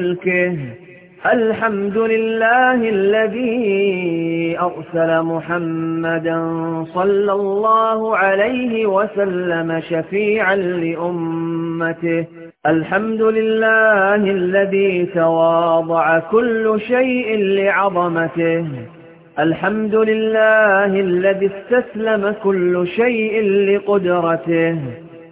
ملكه الحمد لله الذي أرسل محمدا صلى الله عليه وسلم شفيعا لأمته الحمد لله الذي تواضع كل شيء لعظمته الحمد لله الذي استسلم كل شيء لقدرته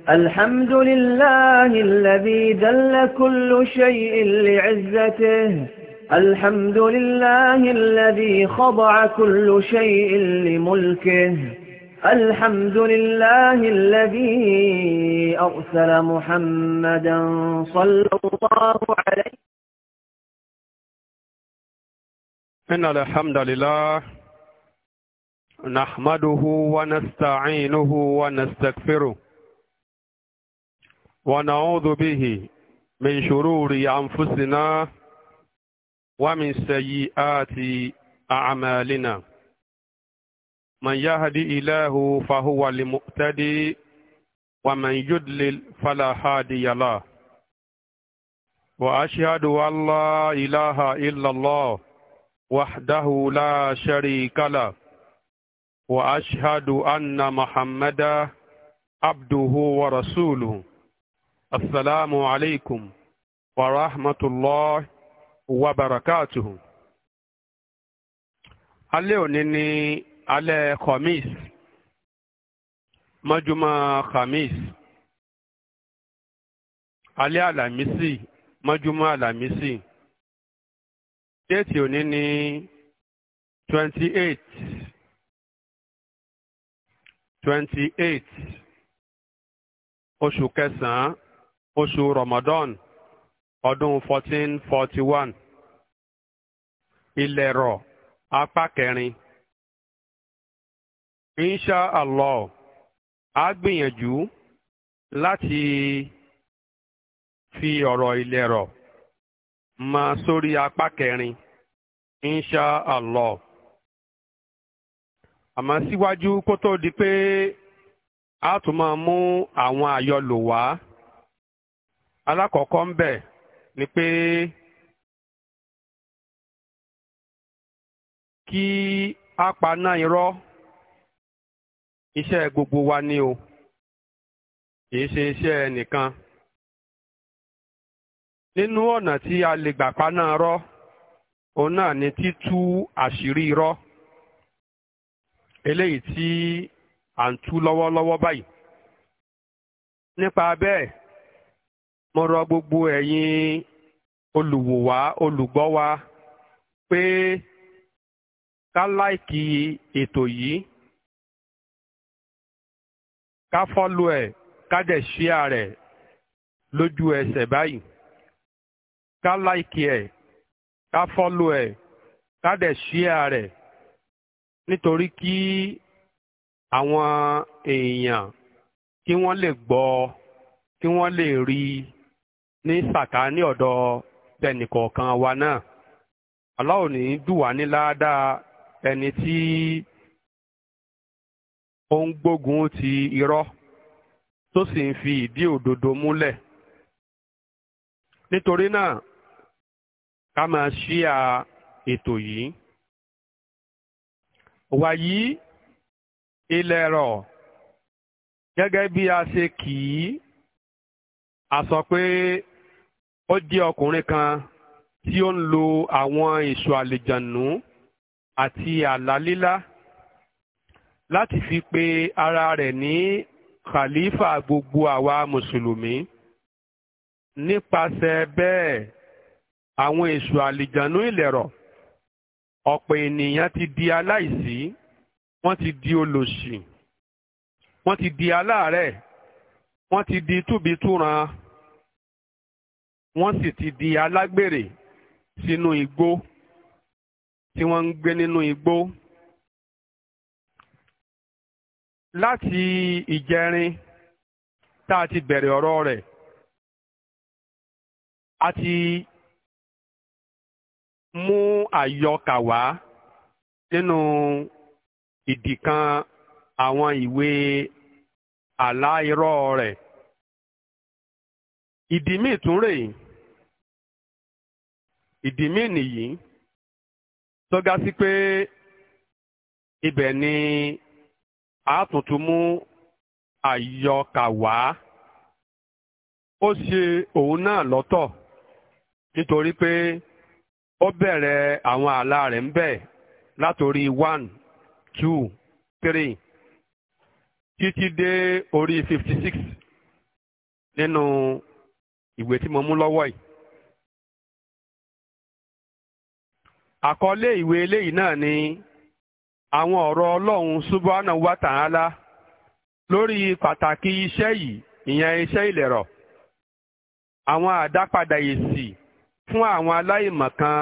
الحمد لله الذي دل كل شيء لعزته الحمد لله الذي خضع كل شيء لملكه الحمد لله الذي أرسل محمدا صلى الله عليه إن الحمد لله نحمده ونستعينه ونستغفره ونعوذ به من شرور أنفسنا ومن سيئات أعمالنا من يهدي إله فهو المؤتدي ومن يدلل فلا هادي له وأشهد أن لا إله إلا الله وحده لا شريك له وأشهد أن محمدا عبده ورسوله السلام عليكم ورحمة الله وبركاته. barakatuhu. alẹ́ òní ni alẹ́ khamis mọ́júmọ́ khamis alẹ́ àlàmísì mọ́júmọ́ àlàmísì déètì òní ni twenty eight twenty eight oṣù kẹsàn-án oṣù Ramadan ọdún 1441 forty one apá kẹrin insha allah a gbìyànjú láti fi ọ̀rọ̀ ìlẹ̀rọ̀ mọ sórí apá kẹrin insha allah àmọ́ síwájú kó tó di pé a tún máa mú àwọn àyọlò wá. alákọ̀ọ́kọ́ ń bẹ̀ ni pé kí a paná irọ́ iṣẹ́ gbogbo wa ni o kìí ṣe iṣẹ́ nìkan. nínú ọ̀nà tí a lè gbà paná irọ́ òun náà ni títú àṣírí irọ́ eléyìí tí à ń tú lọ́wọ́lọ́wọ́ báyìí nípa bẹ́ẹ̀ mo rọ gbogbo ẹ̀yin olùwò wa olùgbọ́ wa pé ká láìkì ètò yìí ká fọ́lù ẹ̀ ká dẹ̀ ṣíà rẹ̀ lójú ẹsẹ̀ báyìí ká láìkì ẹ̀ ká fọ́lù ẹ̀ ká dẹ̀ ṣíà rẹ̀ nítorí kí àwọn èèyàn kí wọ́n lè gbọ́ kí wọ́n lè rí i ní sàkání ọ̀dọ̀ tẹnìkọ̀ọ̀kan wa náà Allah ò ní dù wá ní ládàá ẹni tí ó ń gbógun ti irọ́ tó sì ń fi ìdí òdodo múlẹ̀ nítorí náà ká máa ṣíà ètò yìí wàyí ilẹ̀ rọ̀ gẹ́gẹ́ bí a ṣe kì í a sọ pé ó jẹ́ ọkùnrin kan tí ó ń lo àwọn èso àlejànú àti àlá láti fi pe ara rẹ̀ ní khalifa gbogbo àwa mùsùlùmí nípasẹ̀ bẹ́ẹ̀ àwọn èso àlejànú ìlẹ̀rọ̀ ọ̀pọ̀ ènìyàn ti di aláìsí wọ́n ti di olòṣì wọ́n ti di aláàárẹ̀ wọ́n ti di túbitúran wọ́n sì ti di alágbèrè sínú igbó tí wọ́n ń gbé nínú igbó. láti ìjẹrin tá a ti bẹ̀rẹ̀ ọ̀rọ̀ rẹ̀ a ti mú àyọkà wá nínú ìdì kan àwọn ìwé àlá rẹ̀ ìdí míì tún rèé ìdí míì nìyí tọ́gá sí pé ibẹ̀ ni àtúntún mú àyọkà wá ó ṣe òun náà lọ́tọ̀ nítorí pé ó bẹ̀rẹ̀ àwọn ààlà rẹ̀ ń bẹ̀ látòrí one two three títí dé orí fifty six nínú ìwé tí mo mú lọ́wọ́ yìí. àkọlé ìwé eléyìí náà ni àwọn ọ̀rọ̀ ọlọ́run subhanahu wa ta'ala lórí pàtàkì iṣẹ́ yìí ìyẹn iṣẹ́ ìlẹ̀rọ̀ àwọn àdápadà èsì fún àwọn aláìmọ̀kan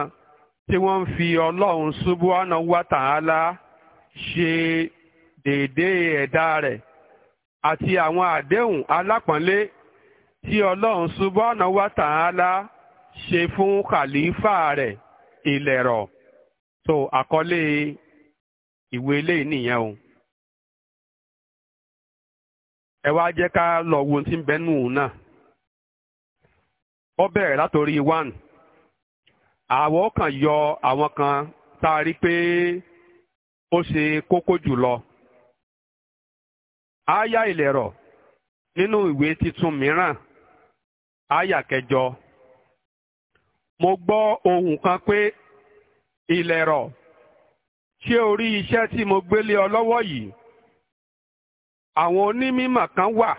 tí wọ́n ń fi ọlọ́run subhanahu wa ta'ala ṣe déédéé ẹ̀dá rẹ̀ àti àwọn àdéhùn alápọ̀nlé tí ọlọ́run subọ́nà tààlà ṣe fún kàlífà rẹ̀ ìlẹ̀rọ̀ tó àkọlé ìwé ilé nìyẹn o. ẹ jẹ́ ká lọ wo ti ń bẹ nù náà. ó bẹ̀rẹ̀ látòrí one àwọn kan yọ àwọn kan tá a rí pé ó ṣe kókó jùlọ. ìlẹ̀rọ̀ nínú àyà kẹjọ mo gbọ ohun kan pé ìlẹ̀rọ̀ ṣé o rí iṣẹ́ tí mo gbélé ọ lọ́wọ́ yìí àwọn onímọ̀ kan wà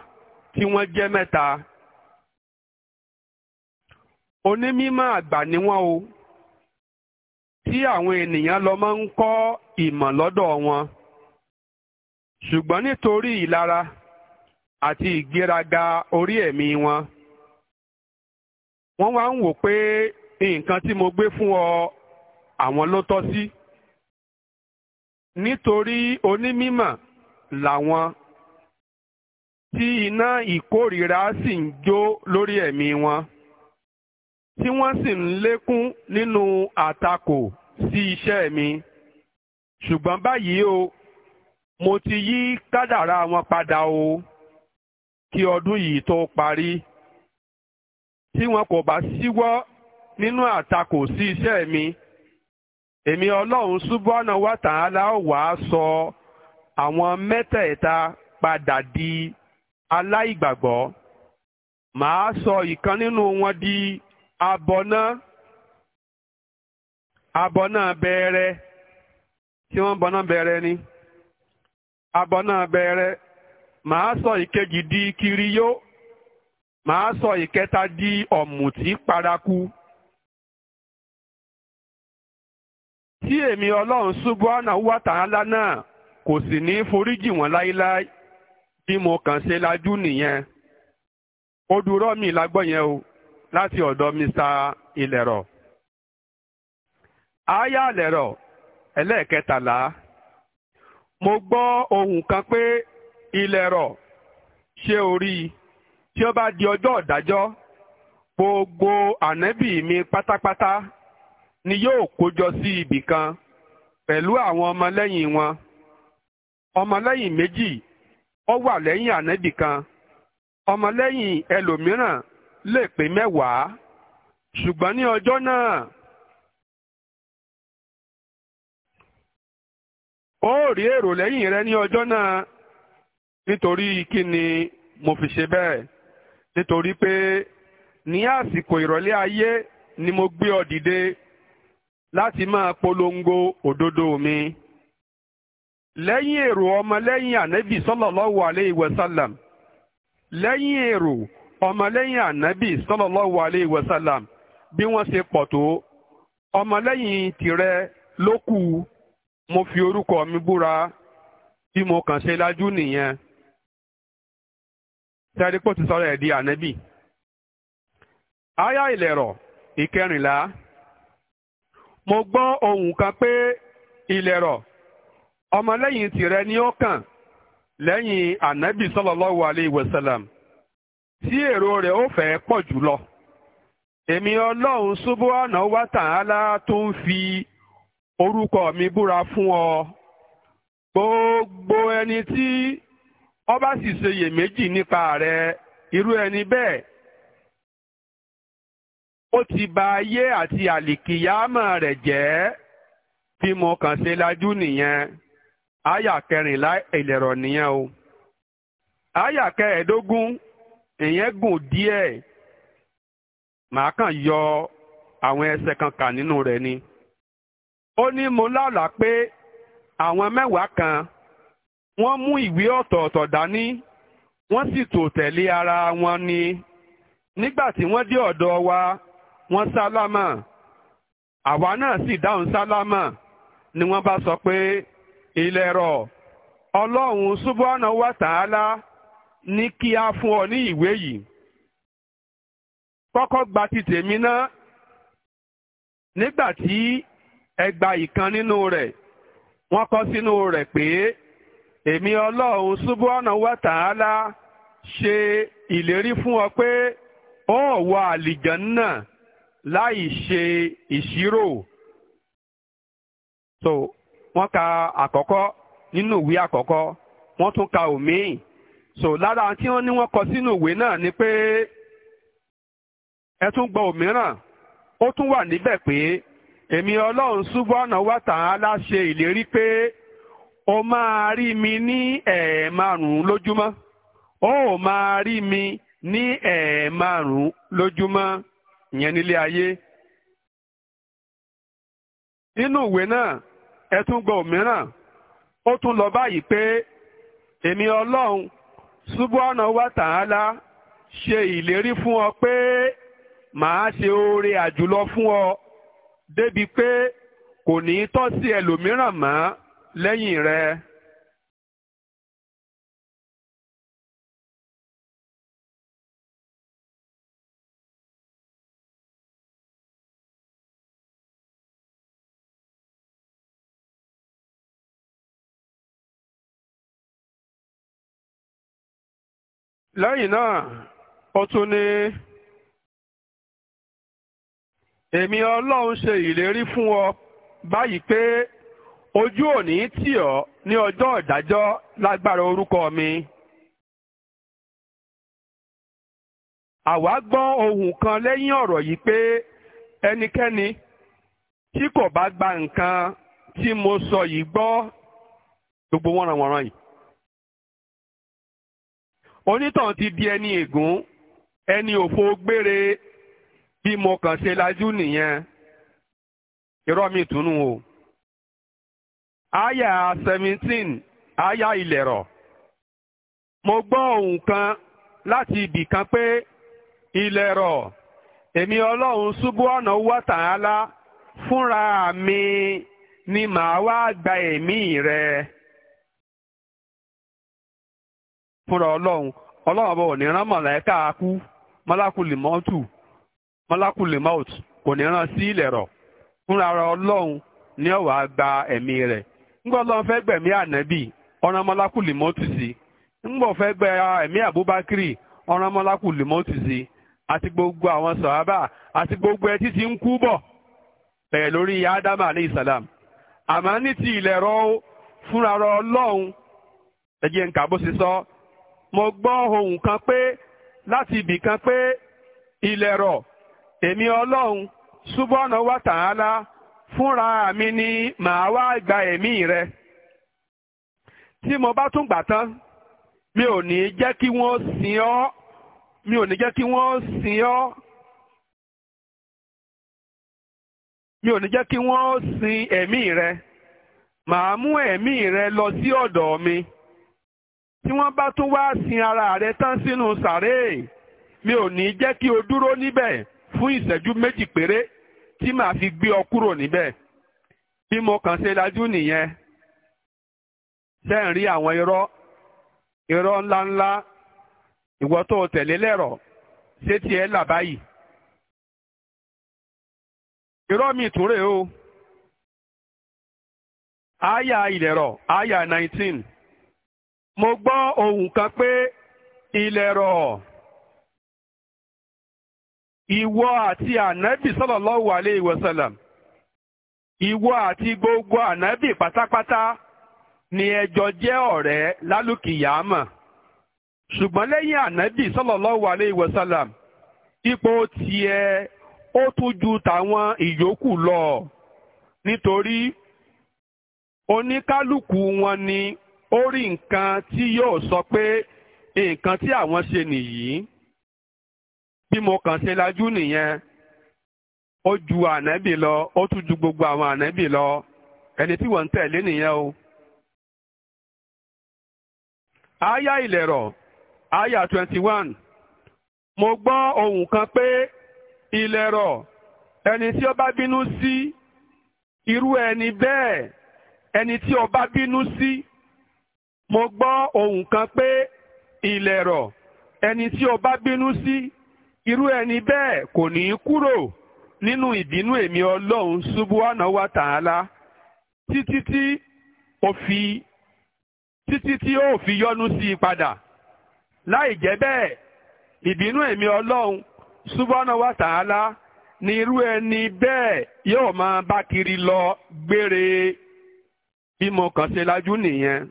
tí wọ́n jẹ́ mẹ́ta onímọ̀ àgbà ni wọ́n o tí àwọn ènìyàn lọ máa ń kọ́ ìmọ̀ lọ́dọ̀ wọn ṣùgbọ́n nítorí ìlara àti ìgbéraga orí ẹ̀mí wọn. wọ́n wá ń wò pé nǹkan tí mo gbé fún ọ àwọn ló tọ́ sí nítorí onímímọ̀ làwọn tí iná ìkórìíra sì ń jó lórí ẹ̀mí wọn tí wọ́n sì ń lékún nínú àtakò sí iṣẹ́ mi ṣùgbọ́n báyìí o mo ti yí kádàrá wọn padà o kí ọdún yìí tó parí. tí wọn kò bá síwọ́ nínú àtakò sí iṣẹ́ mi èmi ọlọ́run Subhana wa Ta'ala ó sọ àwọn mẹ́tẹ̀ẹ̀ta padà di aláìgbàgbọ́ màá sọ ìkan nínú wọn di abọ́ná abọ́ná bẹ̀rẹ̀ tí sọ ìkejì di màá sọ ìkẹta di ọ̀mùtí paraku. tí èmi ọlọ́run subhanahu wa ta'ala náà kò sì ní foríjì wọ́n láíláí bí mo kàn ṣe lajú nìyẹn. ó dúró mi lágbọ́ yẹn o láti ọ̀dọ̀ mr ilẹ̀rọ̀. aya lẹ̀rọ̀ ẹlẹ́ẹ̀kẹtàlá mo gbọ́ ohun kan pé ilẹ̀rọ̀ ṣé o i. tí ọba bá di ọjọ́ ìdájọ́ gbogbo ànábì mi pátápátá ni yóò kójọ sí ibì kan pẹ̀lú àwọn ọmọlẹ́yìn wọn ọmọlẹ́yìn méjì ọ wà lẹ́yìn ànábì kan ọmọlẹ́yìn ẹlòmíràn lè pé mẹ́wàá ṣùgbọ́n ní ọjọ́ náà ó rí èrò lẹ́yìn rẹ ní ọjọ́ náà nítorí kí ni mo fi ṣe bẹ́ẹ̀. nítorí pé ní àsìkò ìrọ̀lẹ́ ayé ni mo gbé ọ dìde láti máa polongo òdodo mi. lẹ́yìn èrò ọmọlẹ́yìn ànábì sallallahu lẹ́yìn èrò ọmọlẹ́yìn ànábì sallallahu alayhi bí wọ́n ṣe pọ̀ tó ọmọlẹ́yìn tirẹ̀ mo fi orúkọ mi búra bí mo kàn ṣe lájú nìyẹn. tẹ́rí pò ti sọ̀rọ̀ ẹ̀ di aya ìlẹ̀rọ̀ ìkẹrìnlá mo gbọ́ ohun kan pé ìlẹ̀rọ̀ ọmọlẹ́yìn tìrẹ ni ó kàn lẹ́yìn ànábì sallallahu alayhi wa tí èrò rẹ̀ ó fẹ́ pọ̀ jùlọ. èmi ọlọ́run subhanahu wa ta'ala tó ń fi orúkọ mi búra fún ọ ó bá sì ṣe iyèméjì nípa rẹ̀ irú ẹni bẹ́ẹ̀ ó ti bà ayé àti àlìkìyámà rẹ̀ jẹ́ bí mo kàn ṣe lajú nìyẹn àyà kẹrìnlá ìlẹ̀rọ̀ nìyẹn o àyà kẹẹ̀ẹ́dógún ìyẹn gùn díẹ̀ màá kàn yọ àwọn ẹsẹ̀ kan kà nínú rẹ̀ ni ó ní mo lálàá pé àwọn mẹ́wàá kan wọ́n mú ìwé ọ̀tọ̀ọ̀tọ̀ dání wọ́n sì tò tẹ̀lé ara wọn ni nígbà tí wọ́n dé ọ̀dọ̀ wa wọ́n sálámà àwa náà sì dáhùn sálámà ni wọ́n bá sọ pé ilẹ̀ ọlọ́run subhanahu wa ta'ala ní kí a fún ọ ní ìwé yìí kọ́kọ́ gba ti tèmi ná nígbà tí ẹ gba ìkan nínú rẹ̀ wọ́n kọ sínú rẹ̀ pé. èmi ọlọ́run subhana wa ta'ala ṣe ìlérí fún ọ pé ó wọ àlìjánná láì ṣe ìṣirò so wọ́n ka àkọ́kọ́ nínú ìwé àkọ́kọ́ wọ́n tún ka òmíì so lára tí wọ́n ní wọ́n kọ sínú ìwé náà ni pé ẹ tún gbọ́ òmíràn ó tún wà níbẹ̀ pé èmi ọlọ́run subhana wa ta'ala ṣe ìlérí pé o máa rí mi ní ẹ̀ẹ̀márùn-ún lójúmọ́ o máa rí mi ní ẹ̀ẹ̀márùn-ún lójúmọ́ ìyẹn nílé ayé. nínú ìwé náà ẹ tún gbọ́ òmíràn ó tún lọ báyìí pé èmi ọlọ́run ṣubúọ́nà wa ṣe ìlérí fún ọ pé màá ṣe oore àjùlọ fún ọ débi pé kò ní í tọ́ sí ẹlòmíràn mọ́ lẹ́yìn rẹ̀ lẹ́yìn náà ó tún ní èmi ọlọ́run ṣe ìlérí fún ọ báyìí pé ojú òní tì ọ́ ní ọjọ́ ìdájọ́ lágbára orúkọ mi. àwa gbọ́ ohùn kan lẹ́yìn ọ̀rọ̀ yìí pé ẹnikẹ́ni tí kò bá gba nǹkan tí mo sọ yìí gbọ́ gbogbo wọn ràn wọ́n ràn yìí. onítàn ti di ẹni ègún ẹni òfo gbére bí mo kàn ṣe lajú nìyẹn irọ́ mi tùnú o. aya seventeen aya ilẹ̀rọ̀ mo gbọ́ ohùn kan láti ibì kan pé ilẹ̀rọ̀ èmi ọlọ́run subhana wa ta'ala fúnra mi ni màá wá gba èmí rẹ fúnra ọlọ́run ọlọ́run ọba ò ní rán mọ̀lẹ́ká kú mọ́lákùlì mọ́tù mọ́lákùlì mọ́tù kò rán sí ilẹ̀rọ̀ fúnra ọlọ́run ni ó wá gba ẹ̀mí rẹ̀ ńgbọ́ lọ́n fẹ́ gbẹ̀mí ànábì ọ̀ràn mọ́lákù lè mọ́tì sí ńgbọ́ fẹ́ gbẹ ẹ̀mí àbúbákírì ọ̀ràn mọ́lákù lè mọ́tì sí àti gbogbo àwọn sàhábà àti gbogbo ẹ títí ń kú bọ̀ bẹ̀rẹ̀ lórí ádámà ní ìsàlám àmọ́ ní ti ilẹ̀ rọ fúnra rọ ọlọ́run ẹ̀jẹ̀ nǹkan bó ṣe sọ mo gbọ́ ohun kan pé láti ibì kan pé ilẹ̀ rọ èmi ọlọ́run subhanahu wa ta'ala fúnra mi ni màá wá gba ẹ̀mí rẹ tí mo bá tún gbà tán mi ò ní jẹ́ kí wọ́n sin ọ́ mi ò ní jẹ́ kí wọ́n sin ọ́ mi ò ní jẹ́ kí wọ́n sin ẹ̀mí rẹ màá mú ẹ̀mí rẹ lọ sí ọ̀dọ̀ mi tí wọ́n bá tún wá sin ara rẹ tán sínú sàréè mi ò ní jẹ́ kí o dúró níbẹ̀ fún ìṣẹ́jú méjì péré tí màá fi gbé ọ kúrò níbẹ̀ bí mo kàn ṣe lajú nìyẹn ṣe ń rí àwọn irọ́ irọ́ ńláńlá ìwọ tó tẹ̀lé lẹ́rọ̀ ṣé tiẹ̀ là báyìí irọ́ mi tún rèé o àyà ìlẹ̀rọ̀ àyà nineteen mo gbọ́ ohùn kan pé ìlẹ̀rọ̀ ìwọ àti ànábì sallallahu alayhi wa sallam ìwọ àti gbogbo ànábì pátápátá ni ẹjọ jẹ́ ọ̀rẹ́ lálùkìyàmọ̀ ṣùgbọ́n lẹ́yìn ànábì sallallahu alayhi wa sallam ipò tiẹ̀ ó tún ju tàwọn ìyókù lọ nítorí oníkálùkù wọn ni ó rí nǹkan tí yóò sọ pé nǹkan tí àwọn ṣe nìyí bí mo kàn ṣe lajú nìyẹn ó ju ànábì lọ ó tún ju gbogbo àwọn ànábì lọ ẹni tí wọ́n ń tẹ̀lé nìyẹn o. aya ìlẹ̀rọ̀ aya twenty one mo gbọ́ ohùn kan pé ìlẹ̀rọ̀ ẹni tí ó bá bínú sí irú ẹni bẹ́ẹ̀ ẹni tí ó bínú sí mo gbọ́ ohùn kan pé ìlẹ̀rọ̀ ẹni tí ó bínú sí. irú ẹni bẹ́ẹ̀ kò ní í kúrò nínú ìbínú èmi ọlọ́run ṣubúhánà wa tààlà títí tí ó fi títí tí ó fi yọ́nú sí i padà láì jẹ́ bẹ́ẹ̀ ìbínú èmi ọlọ́run ṣubúhánà wa tààlà ni irú ẹni bẹ́ẹ̀ yóò máa bá kiri lọ gbére bí mo kàn ṣe lajú nìyẹn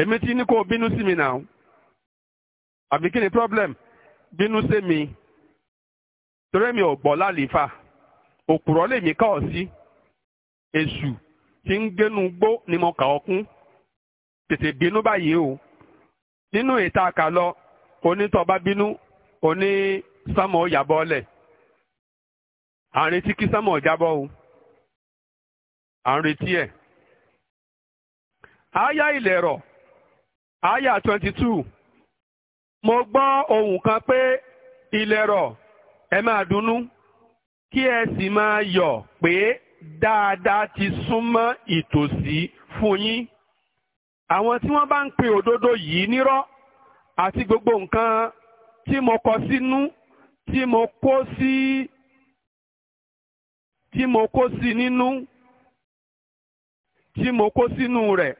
èmi ti ní kó bínú sí mi náà àbí kí ni problem bínú sí mi torí mi ò gbọ́ lálẹ́fà òpùrọ́ lèmi kà ọ́ sí èṣù tí ń gbénu gbó ni mo kà ọ́ kún tètè bínú báyìí o nínú ìta àkàlọ onítọ̀ọ́bá bínú oní sámọ̀ yàbọ̀ ọlẹ̀ à ń retí kí sámọ̀ jábọ̀ o à ń ẹ̀. àyà ìlẹ̀rọ̀ àyà twenty two mo gbọ́ ohùn kan pé ìlẹ̀rọ̀ ẹ máa dunnú kí ẹ sì máa yọ̀ pé dáadáa ti súnmọ́ ìtòsí fún yín. àwọn tí wọ́n bá ń pe òdodo yìí nírọ́ àti gbogbo nǹkan tí mo kọ sínú tí mo kó sí tí mo kó sí nínú tí mo kó sínú rẹ̀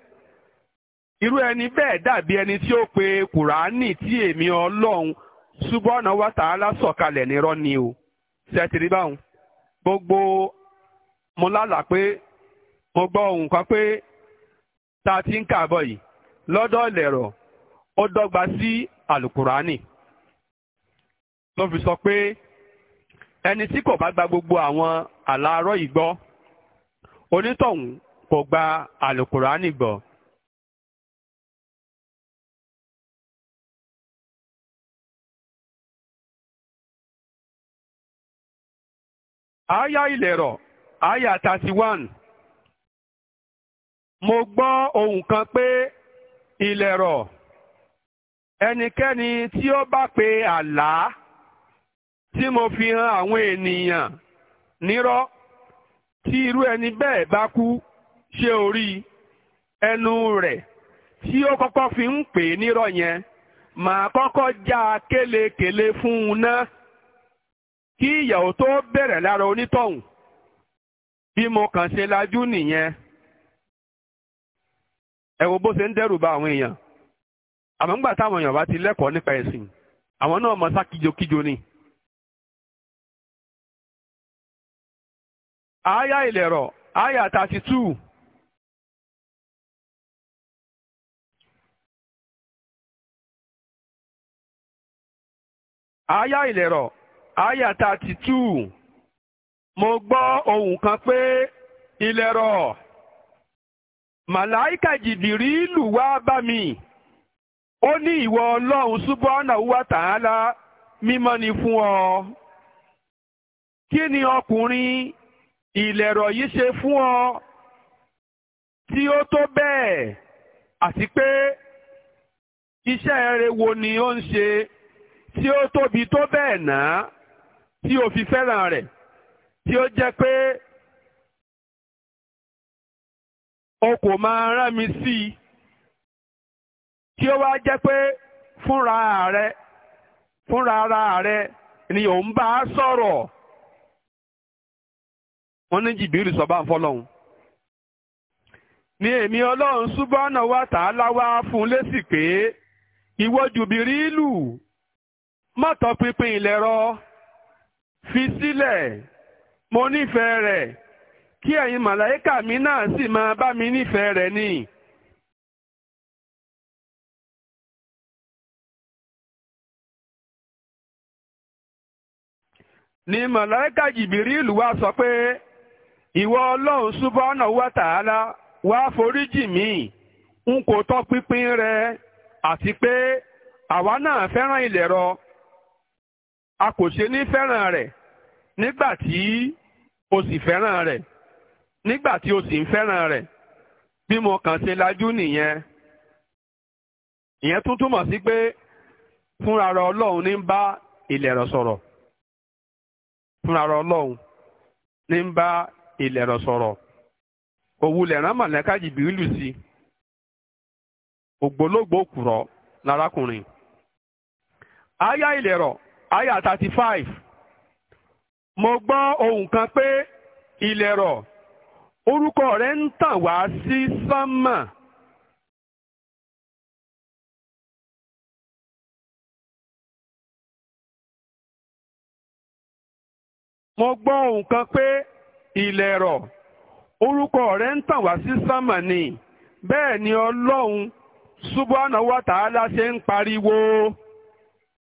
irú ẹni bẹ́ẹ̀ dàbí ẹni tí ó pe kùránì tí èmi ọlọ́run subhanahu wa ta'ala sọ̀kalẹ̀ nírọ́ ni o ṣẹ́tìrí báwọn gbogbo mo lálàá pé mo gbọ́ ohun kan pé tá a ti ń kààbọ̀ yìí lọ́dọ̀ ìlẹ̀rọ̀ ó dọ́gba sí àlùkùránì ló fi sọ pé ẹni tí kò bá gba gbogbo àwọn àlàárọ̀ yìí gbọ́ onítọ̀hún kò gba àlùkùránì gbọ́ Aya ìlẹ̀rọ̀ àyà thirty one mo gbọ́ ohun kan pé ìlẹ̀rọ̀ ẹnikẹ́ni tí ó bá pe àlá tí mo fi hàn àwọn ènìyàn nírọ́ tí irú ẹni bẹ́ẹ̀ bá kú ṣe orí ẹnu rẹ̀ tí ó kọ́kọ́ fi ń pè nírọ́ yẹn màá kọ́kọ́ já a kélekèle fún un náà. kí ìyàwó tó bẹ̀rẹ̀ lára onítọ̀hún bí mo kàn ṣe lajú nìyẹn ẹ wo bó ṣe ń dẹ́rù bà àwọn èèyàn àmọ́ ńgbà táwọn èèyàn bá ti lẹ́kọ̀ọ́ nípa ẹ̀sìn àwọn náà mọ sá kíjokíjo ni. àáyá ìlẹ̀rọ̀ àáyá thirty two. àáyá ìlẹ̀rọ̀ Aya thirty two mo gbọ́ ohùn kan pé ilẹ̀ rọ̀ màláìkà jìbìrìlù wá bá mi ó ní ìwọ ọlọ́run subhanahu wa ta'ala mímọ́ ni fún ọ kí ni ọkùnrin ìlẹ̀rọ̀ yìí ṣe fún ọ tí ó tó bẹ́ẹ̀ àti pé iṣẹ́ rere wo ni ó ń ṣe tí ó tóbi tó bẹ́ẹ̀ náà. tí o fi fẹ́ràn rẹ̀ tí ó jẹ́ pé o kò máa rán mi sí i tí ó wá jẹ́ pé fúnra rẹ̀ fúnra ara rẹ̀ ni ò ń bá a sọ̀rọ̀ wọ́n ní jìbìrì sọ ń fọlọ́hún ni èmi ọlọ́run ṣùgbọ́nà wa tà á láwá fún un lésì pé ìwọ jùbìrì ìlú mọ́tọ́ pinpin ilẹ̀ rọ. fi sílẹ̀ mo nífẹ̀ẹ́ rẹ̀ kí ẹ̀yin màláíkà mi náà sì máa bá mi nífẹ̀ẹ́ rẹ̀ ni. ni màláíkà jìbìrìlù wa sọ pé ìwọ ọlọ́run subhanahu wa ta'ala wa foríjì mi n kò tọ́ pínpín rẹ̀ àti pé àwa náà fẹ́ràn ìlẹ̀rọ. a kò ṣe ní fẹ́ràn rẹ̀ nígbà tí o sì fẹ́ràn rẹ̀ nígbà tí o sì ń fẹ́ràn rẹ̀ bí mo kàn ṣe lajú nìyẹn ìyẹn tún túmọ̀ sí pé fúnra rẹ̀ ọlọ́run ní ń bá ìlẹ̀rọ̀ sọ̀rọ̀ fúnra rẹ̀ ọlọ́run ní ń bá ìlẹ̀rọ̀ sọ̀rọ̀ òwú lẹ̀rán mọ̀lẹ́ká jìbìrìlù sí ògbólógbòó kùrọ̀ lárákùnrin. aya ìlẹ̀rọ̀ Aya thirty five mo gbọ́ ohun kan pé ilẹ̀rọ̀, orúkọ rẹ̀ ń tàn wá sí sánmà. mo bẹ́ẹ̀ ni ọlọ́run wa ta'ala ṣe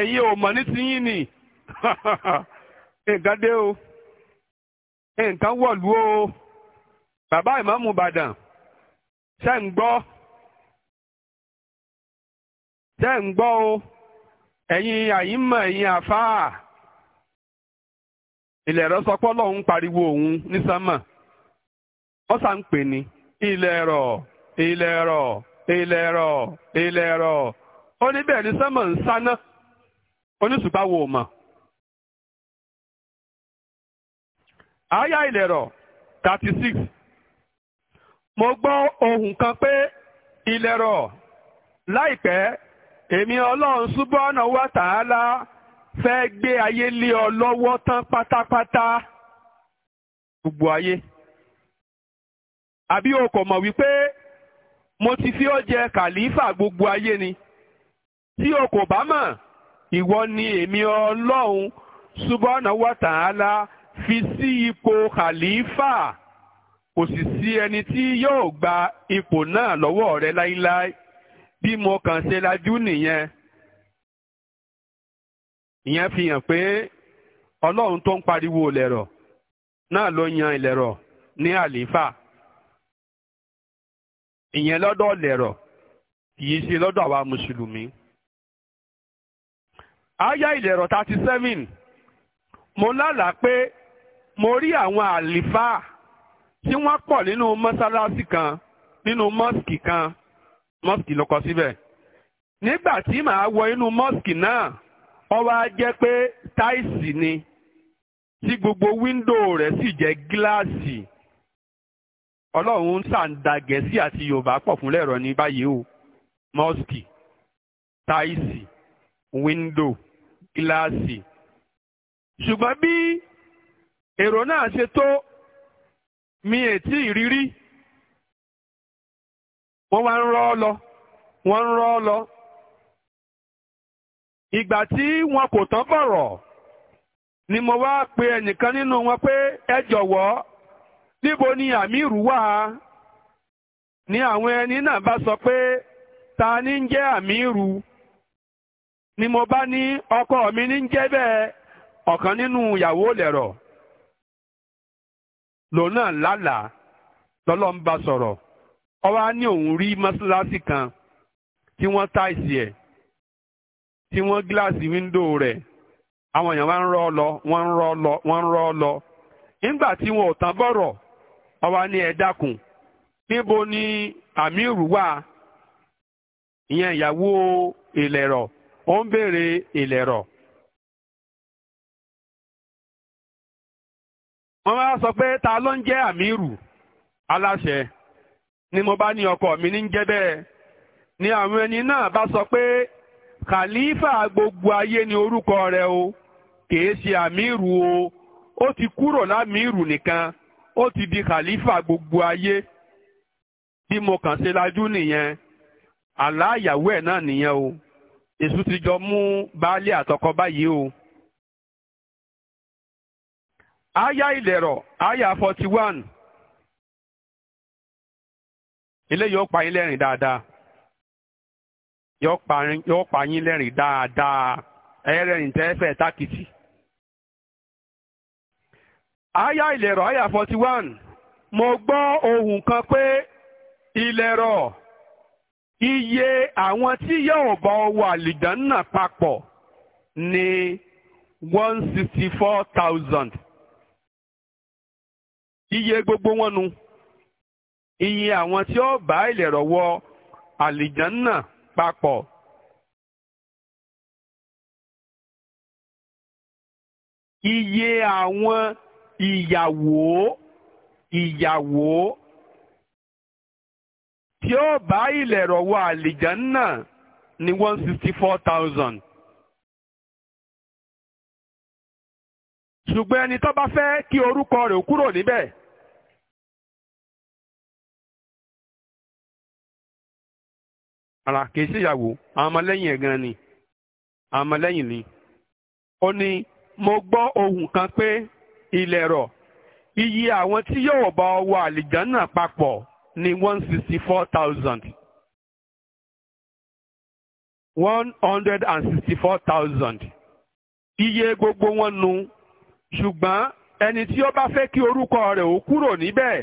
ẹ̀yin ò mọ̀ ní tiyín ni nǹkan dé o nǹkan wọ̀lú o bàbá ìmáàmù Ìbàdàn ṣe ń gbọ́ ṣe ń gbọ́ o ẹ̀yin àyínmọ̀ ẹ̀yin àfáà ilẹ̀ ẹ̀rọ sọ pé ọlọ́run pariwo òun ní sánmà wọ́n sá ń pè ní ilẹ̀ ẹ̀rọ ilẹ̀ ẹ̀rọ ilẹ̀ ẹ̀rọ ilẹ̀ ẹ̀rọ ó ní bẹ́ẹ̀ ní sánmà ń sáná. oníṣùgbà wo mọ̀. àyà ìlẹ̀rọ̀ thirty six mo gbọ́ ohùn kan pé ìlẹ̀rọ̀ láìpẹ́ èmi ọlọ́run súbọ́nà wa tààlà fẹ́ gbé ayé lé ọ lọ́wọ́ tán pátápátá gbogbo ayé. àbí o kò mọ̀ wípé mo ti fi ọ́ jẹ kàlífà gbogbo ayé ni tí o kò bá mọ̀ ìwọ ni èmi ọlọ́run subhana wa ta'ala fi sí ipò khalifa kò sì sí ẹni tí yóò gba ipò náà lọ́wọ́ rẹ láíláí bí mo kàn ṣe lajú nìyẹn ìyẹn fi hàn pé ọlọ́run tó ń pariwo ìlẹ̀rọ̀ náà ló yan ìlẹ̀rọ̀ ní àlífà ìyẹn lọ́dọ̀ ìlẹ̀rọ̀ kì í ṣe lọ́dọ̀ àwa mùsùlùmí aya ìlẹ̀rọ̀ thirty seven mo lálàá pé mo rí àwọn àlìfáà tí wọ́n pọ̀ nínú mọ́sálásí kan nínú mọ́sìkì kan mọ́sìkì ló kọ síbẹ̀ nígbà tí màá wọ inú mọ́sìkì náà ó wá jẹ́ pé táìsì ni tí gbogbo wíńdò rẹ̀ sì jẹ́ gíláàsì ọlọ́run ṣàǹdà gẹ̀ẹ́sì àti yorùbá pọ̀ fún lẹ́rọ ní báyìí o mọ́sìkì táìsì wíńdò. gíláàsì ṣùgbọ́n bí èrò náà ṣe tó mi ètí ìrírí wọ́n wá ń rọ́ ọ lọ wọ́n ń rọ́ ọ lọ ìgbà tí wọn kò tán bọ̀rọ̀ ni mo wá pe ẹnìkan nínú wọn pé ẹ jọ̀wọ́ níbo ni àmírù wà ni àwọn ẹni náà bá sọ pé ta ni ń jẹ́ àmírù. ni mo bá ní ọkọ mi ní jẹ́ bẹ́ẹ̀ ọ̀kan nínú ìyàwó lẹ̀rọ̀ lòun náà lálàá lọ́lọ́run bá sọ̀rọ̀ ó wá ní òun rí mọ́ṣáláṣí kan tí wọ́n táìsì ẹ̀ tí wọ́n gíláàsì wíńdò rẹ̀ àwọn èèyàn wá ń rọ́ lọ wọ́n ń rọ́ lọ wọ́n ń rọ́ lọ nígbà tí wọn ò tán bọ̀rọ̀ ó wá ní ẹ dákun níbo ni àmírù wà ìyẹn ìyàwó ìlẹ̀rọ̀ ó ń béèrè ìlẹ̀rọ̀. wọ́n wá sọ pé ta ló ń jẹ́ àmírù aláṣẹ ni mo bá ní ọkọ mi ní jẹ́ bẹ́ẹ̀ ni àwọn ẹni náà bá sọ pé khalifa gbogbo ayé ni orúkọ rẹ o kìí ṣe àmírù o ó ti kúrò lámírù nìkan ó ti di khalifa gbogbo ayé bí mo kàn ṣe lajú nìyẹn àlá ìyàwó ẹ̀ náà nìyẹn o. èṣù ti jọ mú baálé àtọkọ báyìí o. aya ìlẹ̀rọ̀ aya forty one ilé yóò pa yín lẹ́rìn dáadáa yóò pa yín lẹ́rìn dáadáa ẹ̀rẹ́rìn tẹ́fẹ̀ tákìtì. aya ìlẹ̀rọ̀ aya forty one mo gbọ́ ohùn kan pé ìlẹ̀rọ̀. iye àwọn tí yóò bá ọ wọ náà papọ̀ ni one sixty four thousand iye gbogbo wọn nu iye àwọn tí ó bá ìlẹ̀rọ̀ wọ náà papọ̀. iye àwọn ìyàwó ìyàwó tí ó bá ilẹ̀ rọ̀ wọ àlìjánná ní one sixty four thousand. ṣùgbọ́n ẹni tó bá fẹ́ kí orúkọ rẹ̀ kúrò níbẹ̀. ara kìí ṣèyàwó àwọn ọmọlẹ́yìn ẹ̀ ni àwọn ọmọlẹ́yìn ni. ó ní mo gbọ́ ohùn kan pé ilẹ̀ rọ̀ iye àwọn tí yóò bá ọ wọ àlìjánná papọ̀ ní one sixty four thousand one hundred and sixty four thousand iye gbogbo wọn nu ṣùgbọ́n ẹni tí ó bá fẹ́ kí orúkọ rẹ̀ ó kúrò níbẹ̀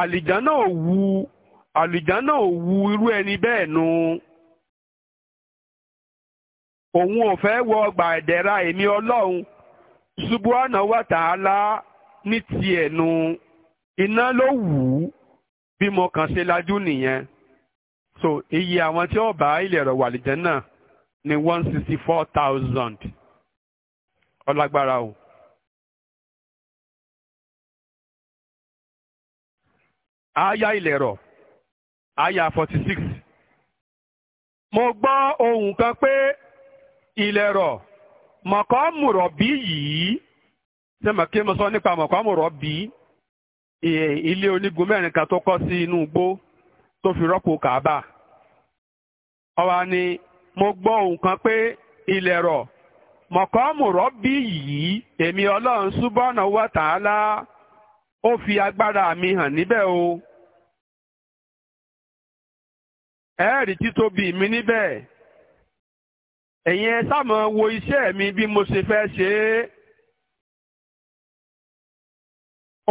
àlìjáná ò wu àlìjáná ò wu irú ẹni bẹ́ẹ̀ nu òun ò fẹ́ wọ ọgbà ẹ̀dẹ̀ra èmi ọlọ́run ṣubú àná wàtàálá ní tiẹ̀ nu iná ló wù ú bí mo kàn ṣe lajú nìyẹn so iye àwọn tí ó bá ilẹ̀ ẹ̀rọ wàlìjẹ́ náà ni one sixty four thousand ọlágbára o. aya ilẹ̀rọ̀ aya forty six mo gbọ́ ohùn kan pé ilẹ̀rọ̀ mọ̀kọ́ mùrọ̀ bí yìí ṣé màkí mo sọ nípa mọ̀kọ́ mùrọ̀ bí ilé onígun mẹ́rin kan tó kọ́ sí inú igbó tó fi rọ́pò kàábà. ọ̀wá ni mo gbọ́ ohùn kan pé ilẹ̀ rọ̀ mọ̀kọ́mù rọ́bì yìí èmi ọlọ́run súbọ́nà wà tààlà ó fi agbára mi hàn níbẹ̀ o. ẹ̀ẹ́rì títóbi mi níbẹ̀ ẹ̀yin ẹ sáà mọ̀ wo iṣẹ́ mi bí mo ṣe fẹ́ ṣe é.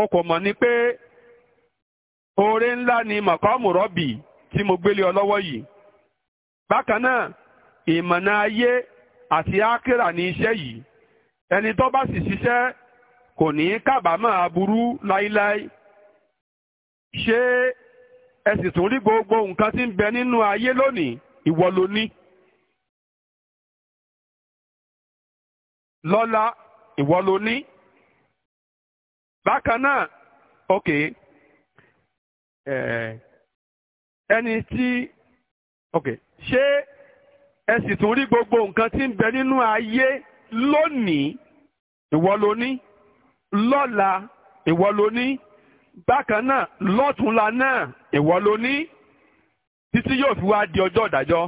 ọkọ̀ mọ̀ ni pé oore ńlá ni màkọ́mù rọ́bì tí mo gbélé ọ lọ́wọ́ yìí bákan náà ìmọ̀nà ayé àti ákírà ní iṣẹ́ yìí ẹni tó bá sì ṣiṣẹ́ kò ní kábàámọ̀ aburú láíláí ṣé ẹ sì tún rí gbogbo nǹkan tí ń bẹ nínú ayé lónìí ìwọ ló ní. lọ́lá ìwọ ló ní. bákan náà ok ẹni eh, tí ok ṣé ẹ sì tún rí gbogbo nǹkan tí ń bẹ nínú ayé lónìí ìwọ ló ní lọ́la ìwọ ló ní bákan náà lọ́túnla náà ìwọ ló ní títí yóò fi wá di ọjọ́ ìdájọ́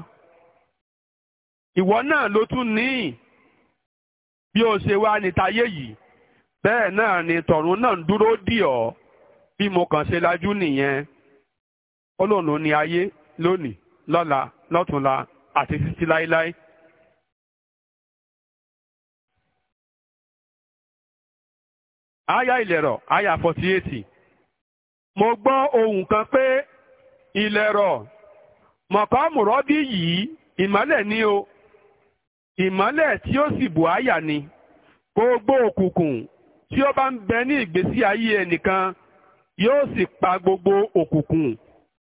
ìwọ náà ló tún ní bí o ṣe wá ní tayé yìí bẹ́ẹ̀ náà ni tọ̀run náà ń dúró dì bí mo kàn ṣe lajú nìyẹn Ọlọ́run ni ayé lónìí lọ́la lọ́túnla àti títí láéláé. aya ìlẹ̀rọ̀ aya forty eight mo gbọ́ ohùn kan pé ìlẹ̀rọ̀ mọ̀kànmùrọ̀ bí yìí ìmọ́lẹ̀ ni o ìmọ́lẹ̀ tí ó sì bù aya ni gbogbo òkùnkùn tí ó bá ń bẹ ní ìgbésí ayé ẹnìkan yóò sì pa gbogbo òkùnkùn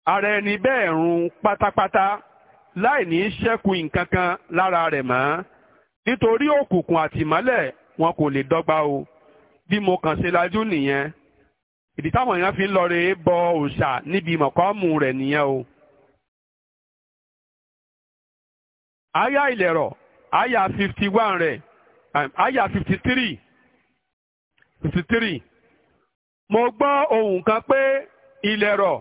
ara ẹni bẹ́ẹ̀ run pátápátá láì ní ṣẹ́kù nǹkan kan lára rẹ̀ mọ́ nítorí òkùnkùn àtìmọ́lẹ̀ wọn kò lè dọ́gba o bí mo kàn ṣe lajú nìyẹn ìdí táwọn èèyàn fi ń lọ bọ òòṣà níbi mọ̀kọ́mù rẹ̀ nìyẹn o. àyà ìlẹ̀rọ̀ àyà fifty one rẹ̀ àyà fifty three. 53. mo gbọ́ ohun kan pé ilẹ̀ rọ̀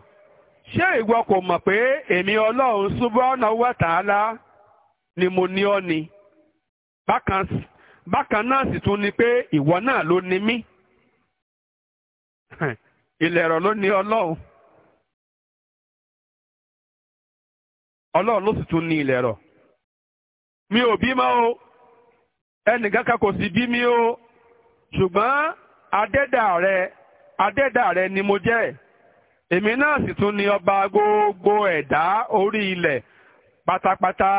ṣé ìwọ kò mọ̀ pé èmi ọlọ́run subhanahu ta'ala ni mo ní ọ ni bákan náà sì tún ni pé ìwọ náà ló ní mí ilẹ̀ rọ̀ ló ní ọlọ́run ọlọ́run ló sì tún ní ilẹ̀ rọ̀ mi ò bímọ o ẹnìkan kan kò sì bí mi o ṣùgbọ́n adẹ́dà rẹ adẹ́dà rẹ ni mo jẹ́ èmi náà sì tún ni ọba gbogbo ẹ̀dá orí ilẹ̀ pátápátá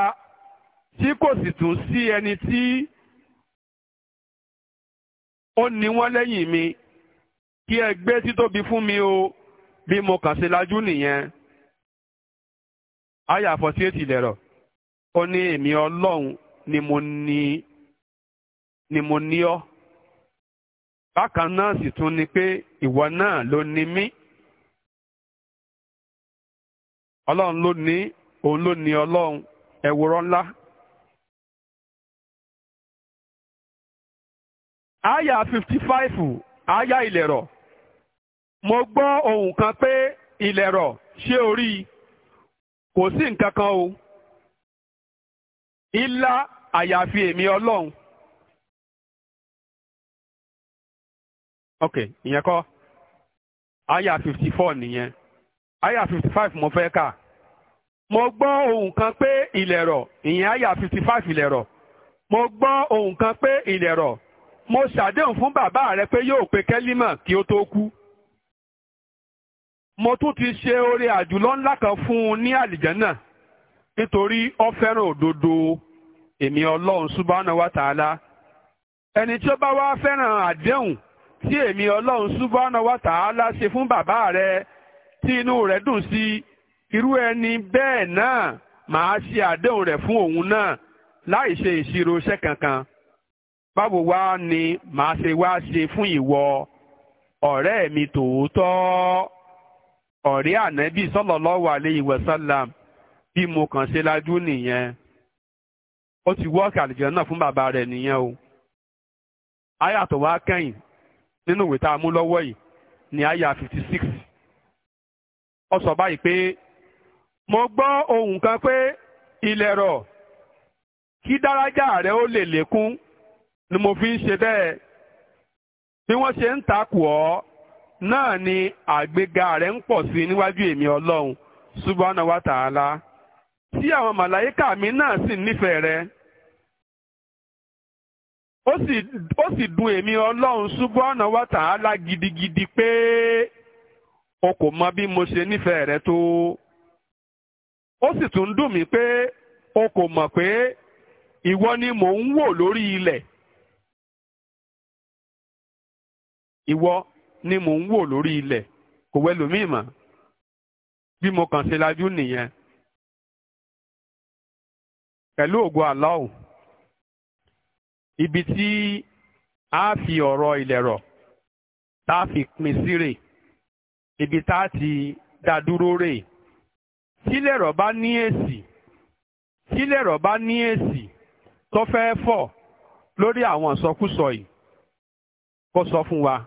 tí kò sì tún sí ẹni tí ó ní wọ́n lẹ́yìn mi kí ẹ gbé títóbi fún mi o bí mo kàn ṣe lajú nìyẹn. àyà lẹ̀rọ̀ ó ní èmi ọlọ́run ni mo ni mo bákan náà sì tún ni pé ìwọ náà ló ní mí ọlọ́run ló ní òun ló ní ọlọ́run ẹ̀wòrán ńlá. àyà fifty five àyà ìlẹ̀rọ̀ mo gbọ́ ohun kan pé ìlẹ̀rọ̀ ṣé orí kò sí nǹkan kan o ilá àyàfi èmi ọlọ́run. ok ìyẹn kọ́ aya fifty four nìyẹn aya fifty five mo fẹ́ kà mo gbọ́ ohun kan pé ilẹ̀ ìyẹn aya fifty five ilẹ̀ rọ̀ mo gbọ́ ohun kan pé ilẹ̀ rọ̀ mo ṣàdéhùn fún bàbá rẹ pé yóò pe kẹ́límà kí ó tó kú mo tún ti ṣe oore àjùlọ ńlá kan fún un ní àlìjánà nítorí ó fẹ́ràn òdodo èmi ọlọ́run subhanahu wa ta'ala ẹni tí ó bá wá fẹ́ràn àdéhùn tí èmi ọlọ́run Subhana wa Ta'ala ṣe fún bàbá rẹ tí inú rẹ dùn sí irú ẹni bẹ́ẹ̀ náà màá ṣe àdéhùn rẹ̀ fún òun náà láì ṣe ìṣirò iṣẹ́ kankan báwo wá ni màá ṣe wá ṣe fún ìwọ ọ̀rẹ́ mi tòótọ́ ọ̀rẹ́ ànábì sallallahu alayhi wa sallam bí mo kàn ṣe lájú nìyẹn ó ti wọ́ọ̀kì àlùjọ náà fún bàbá rẹ̀ nìyẹn o ayàtọ̀ wá kẹ́yìn nínú ìwé tá a mú lọ́wọ́ yìí ní àyà fifty sọ báyìí pé mo gbọ́ ohun kan pé ilẹ̀ rọ̀ kí dárájà rẹ̀ ó lè lékún ni mo fi ń ṣe bẹ́ẹ̀ bí wọ́n ṣe ń takò ọ́ náà ni àgbéga rẹ̀ ń pọ̀ sí níwájú èmi ọlọ́run subhanahu wa ta'ala tí àwọn màláyíkà mi náà sì nífẹ̀ẹ́ ó sì dun emi dùn èmi ọlọ́run ta'ala gidigidi pé o kò mọ bí mo ṣe nífẹ̀ẹ́ rẹ tó ó sì tún o kò mọ̀ pé ìwọ ni mò ń wò lórí ilẹ̀ ìwọ ni mò ń wò lórí ilẹ̀ kò mo kàn ṣe lajú nìyẹn pẹ̀lú ibi tí a fi ọ̀rọ̀ ìlẹ̀rọ̀ tá a fi pín sí rè ibi tá a ti dá dúró rè tílẹ̀rọ̀ bá ní èsì tílẹ̀rọ̀ bá ní èsì tó fẹ́ fọ̀ lórí àwọn ìsọkúsọ yìí kó sọ fún wa